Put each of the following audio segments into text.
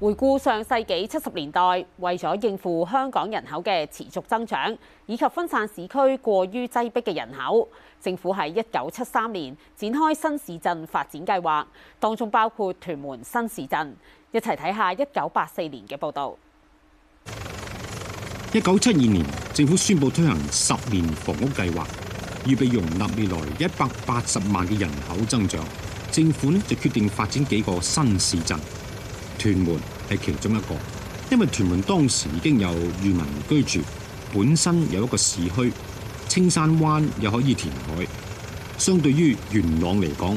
回顧上世紀七十年代，為咗應付香港人口嘅持續增長，以及分散市區過於擠迫嘅人口，政府喺一九七三年展開新市鎮發展計劃，當中包括屯門新市鎮。一齊睇下一九八四年嘅報導。一九七二年，政府宣布推行十年房屋計劃，預備容納未來一百八十萬嘅人口增長。政府呢就決定發展幾個新市鎮。屯門係其中一個，因為屯門當時已經有漁民居住，本身有一個市區，青山灣又可以填海，相對於元朗嚟講，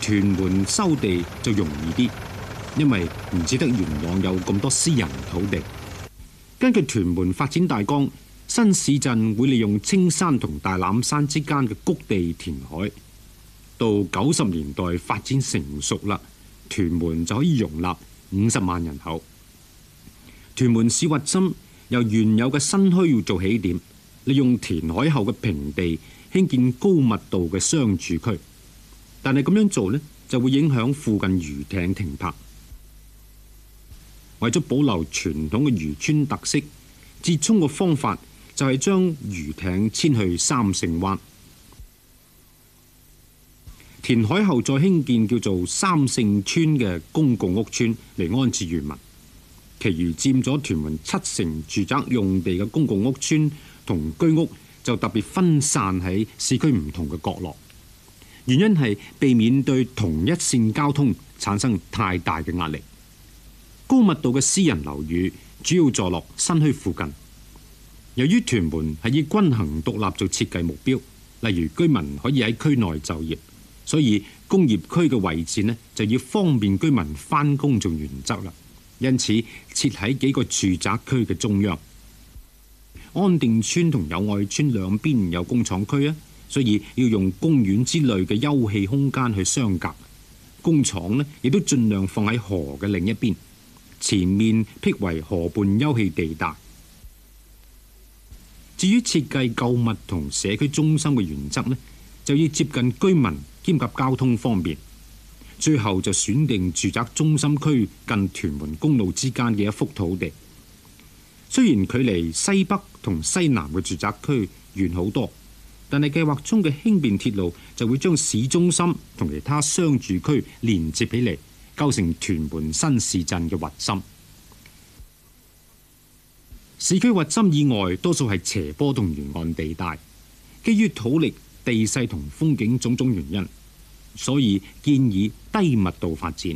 屯門收地就容易啲，因為唔止得元朗有咁多私人土地。根據屯門發展大綱，新市鎮會利用青山同大欖山之間嘅谷地填海，到九十年代發展成熟啦，屯門就可以容納。五十萬人口，屯門市核心由原有嘅新墟要做起點，利用填海後嘅平地興建高密度嘅商住區。但係咁樣做呢，就會影響附近漁艇停泊。為咗保留傳統嘅漁村特色，折衷嘅方法就係將漁艇遷去三聖灣。填海後再興建叫做三聖村嘅公共屋村嚟安置漁民，其餘佔咗屯門七成住宅用地嘅公共屋村同居屋就特別分散喺市區唔同嘅角落，原因係避免對同一綫交通產生太大嘅壓力。高密度嘅私人樓宇主要坐落新墟附近。由於屯門係以均衡獨立做設計目標，例如居民可以喺區內就業。所以工業區嘅位置呢，就要方便居民翻工做原則啦。因此設喺幾個住宅區嘅中央，安定村同友愛村兩邊有工廠區啊，所以要用公園之類嘅休憩空間去相隔。工廠呢，亦都盡量放喺河嘅另一邊，前面辟為河畔休憩地帶。至於設計購物同社區中心嘅原則呢，就要接近居民兼及交通方便，最後就選定住宅中心區近屯門公路之間嘅一幅土地。雖然距離西北同西南嘅住宅區遠好多，但係計劃中嘅輕便鐵路就會將市中心同其他商住區連接起嚟，構成屯門新市鎮嘅核心。市區核心以外，多數係斜坡同沿岸地帶，基於土力。地勢同風景種種原因，所以建議低密度發展。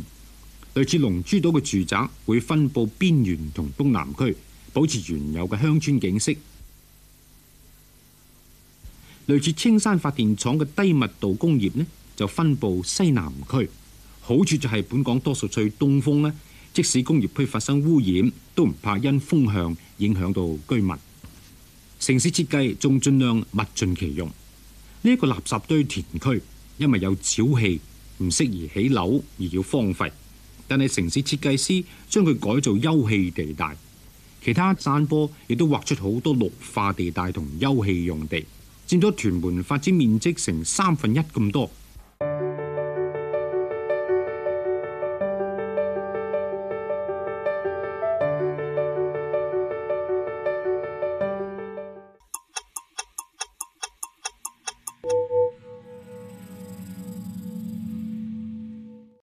類似龍珠島嘅住宅會分佈邊緣同東南區，保持原有嘅鄉村景色。類似青山發電廠嘅低密度工業呢，就分佈西南區。好處就係本港多數吹東風呢，即使工業區發生污染，都唔怕因風向影響到居民。城市設計仲盡量物盡其用。呢個垃圾堆填區，因為有沼氣，唔適宜起樓而要荒廢，但係城市設計師將佢改做休憩地帶，其他山坡亦都劃出好多綠化地帶同休憩用地，佔咗屯門發展面積成三分一咁多。